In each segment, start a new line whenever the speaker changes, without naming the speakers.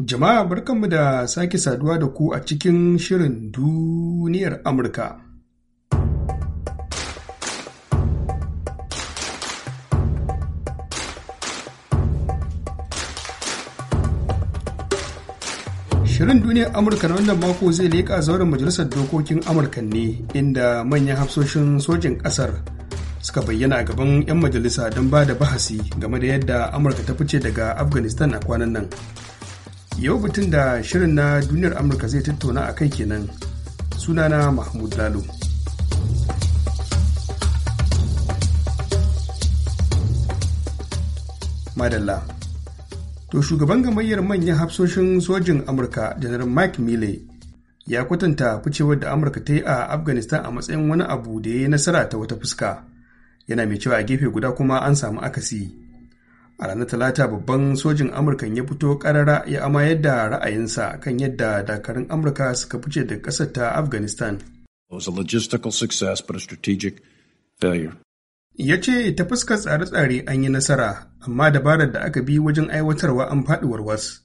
Jama'a barkanmu da sake saduwa da ku a cikin shirin duniyar Amurka. Shirin duniyar Amurka na wannan mako zai leƙa zauren Majalisar Dokokin Amurka ne inda manyan hafsoshin sojin ƙasar suka bayyana a gaban 'yan majalisa don ba da bahasi game da yadda Amurka ta fice daga Afghanistan a kwanan nan. Yau batun da shirin na duniyar Amurka zai tattauna a kai kenan sunana Mahmud Lalo. Madalla. To shugaban gamayyar manyan hafsoshin sojin Amurka janar Mike Milley ya kwatanta ficewar da Amurka ta yi a Afghanistan a matsayin wani abu da ya yi nasara ta wata fuska. Yana mai cewa a gefe guda kuma an samu akasi. a ranar talata babban sojin amurkan ya fito karara ya amayar da ra'ayinsa kan yadda dakarun amurka suka fice da ƙasar ta afghanistan ya ce ta fuskar tsare-tsare an yi nasara amma dabarar da aka bi wajen aiwatarwa an faɗuwar was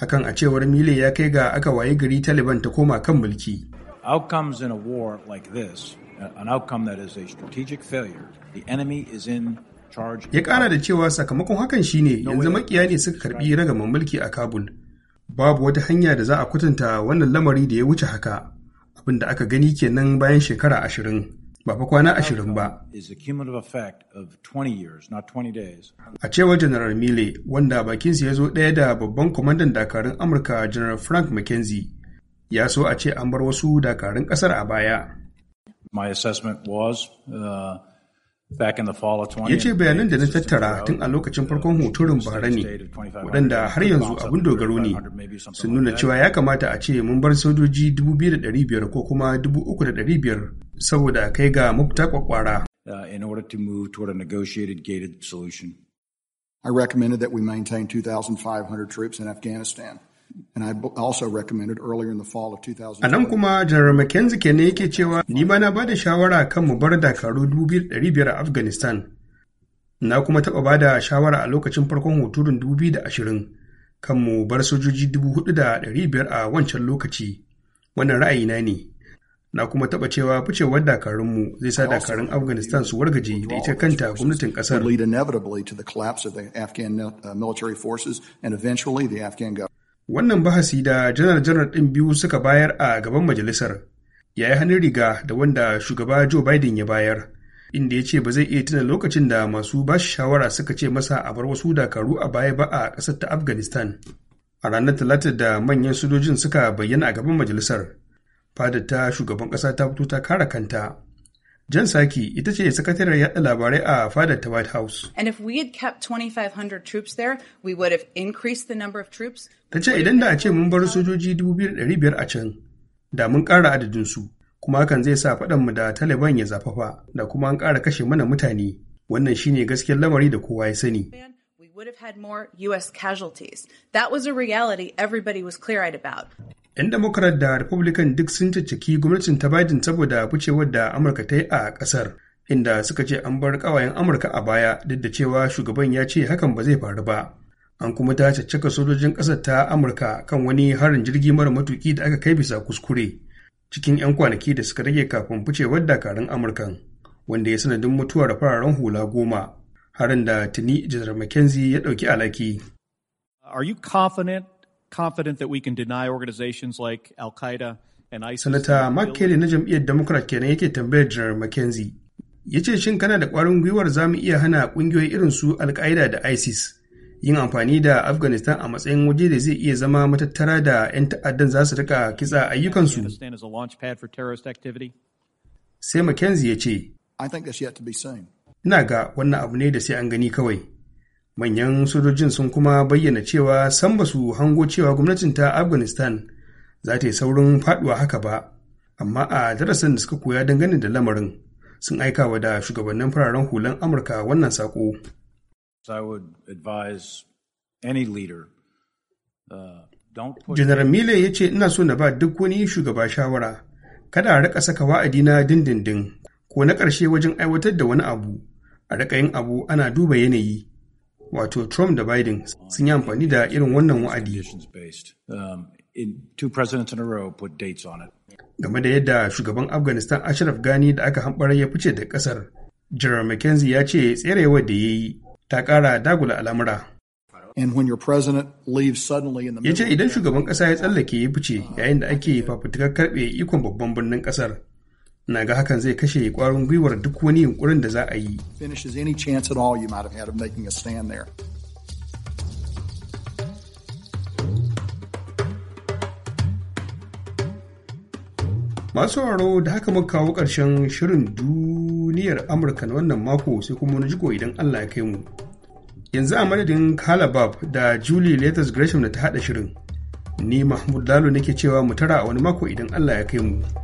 hakan a cewar mile ya kai ga aka waye gari taliban ta koma kan mulki outcomes in a war like this an outcome that is a strategic failure the enemy is in Ya ƙara da cewa sakamakon hakan shine yanzu makiya ne suka karbi ragaman mulki a Kabul. Babu wata hanya da za a kwatanta wannan lamari da ya wuce haka. Abin da aka gani kenan bayan shekara ashirin. Ba fa kwana ashirin ba. A cewar General Mille, wanda bakinsa ya zo ɗaya da babban kwamandan dakarun Amurka General Frank McKenzie, ya so a ce an bar wasu dakarun ƙasar a baya. My assessment was uh, in ce bayanan da na tattara tun a lokacin farkon hoturin bara ne waɗanda har yanzu abin dogaro ne sun nuna cewa ya kamata a ce mun bar sojoji 2,500 ko kuma 3,500 saboda kai ga mafita kwakwara uh, I recommended that we maintain 2,500 troops in Afghanistan. A nan kuma General McKenzie kenan yake cewa ni ma na bada shawara kan mu bar dakaru 2,500 a Afghanistan. Na kuma taɓa bada shawara a lokacin farkon hoturin 2020 kan mu bar sojoji 4,500 a wancan lokaci. Wannan ra'ayina ne. Na kuma taɓa cewa ficewar dakarunmu zai sa dakarun Afghanistan su wargaje da ita kanta gwamnatin ƙasar. Wannan bahasi da janar-janar ɗin biyu suka bayar a gaban majalisar ya yi hannun riga da wanda shugaba Joe Biden ya bayar, inda ya ce ba zai iya tuna lokacin da masu ba shawara suka ce masa a bar wasu dakaru a baya ba a ƙasar ta Afghanistan. A ranar Talata da manyan sojojin suka bayyana a gaban majalisar, fadar ta shugaban ƙasa ta fito ta kare kanta Jan Saki ita ce sakatariyar yada labarai a fadar ta White House. And if we had kept 2,500 troops there, we would have increased the number of troops. Ta ce idan da a ce mun bar sojoji 2,500 a can, da mun ƙara adadinsu, kuma hakan zai sa faɗanmu da Taliban ya zafafa, da kuma an ƙara kashe mana mutane. Wannan shine gaskiyar lamari da kowa ya sani. would have had more U.S. casualties. That was a reality everybody was clear eyed about. 'yan democrat da republican duk sun caccaki gwamnatin ta biden saboda bucewar da amurka ta yi a kasar inda suka ce an bar kawayen amurka a baya duk da cewa shugaban ya ce hakan ba zai faru ba an kuma ta caccaka sojojin ƙasar ta amurka kan wani harin jirgi mara matuki da aka kai bisa kuskure cikin 'yan kwanaki da suka rage kafin ficewar dakarun amurkan wanda ya sanadin mutuwar fararen hula goma harin da tuni janar mckenzie ya ɗauki alaki Are you confident confident that we can deny organizations like Al Qaeda and Sanata Mark Kelly na jam'iyyar Democrat kenan yake tambayar General McKenzie. Ya ce shin kana da ƙwarin gwiwar za mu iya hana ƙungiyoyi irin su Al Qaeda da ISIS yin amfani da Afghanistan a matsayin waje da zai iya zama matattara da 'yan ta'addan za su rika kitsa ayyukansu. Sai McKenzie ya ce, Ina ga wannan abu ne da sai an gani kawai. manyan sojojin sun kuma bayyana cewa san ba su hango cewa gwamnatin ta afghanistan za ta yi saurin faduwa haka ba amma a darasin da suka koya dangane da lamarin sun aika wa da shugabannin fararen hulan amurka wannan sako uh, general miller ya ce ina so na ba duk wani shugaba shawara kada a rika saka wa'adi na dindindin ko na ƙarshe wajen aiwatar da wani abu a rika yin abu ana duba yanayi wato Trump da Biden sun yi amfani da irin wannan wa'adi. Um, Game da yadda shugaban Afghanistan Ashraf Ghani da aka hamɓarar ya fice da ƙasar, General McKenzie ya ce tserewa da ya yi ta kara dagula al'amura. Ya ce idan shugaban ƙasa ya tsallake ya fice yayin da ake fafutukar karɓe ikon babban birnin ƙasar. na ga hakan zai kashe kwarin gwiwar duk wani yunkurin da za a yi masu sauraro da haka muka kawo ƙarshen shirin duniyar amurka na wannan mako sai kuma wani jiko idan allah ya kai mu yanzu a madadin kalabab da julie Letters gresham da ta haɗa shirin ni mahmud lalo nake cewa mu tara a wani mako idan allah ya kai mu.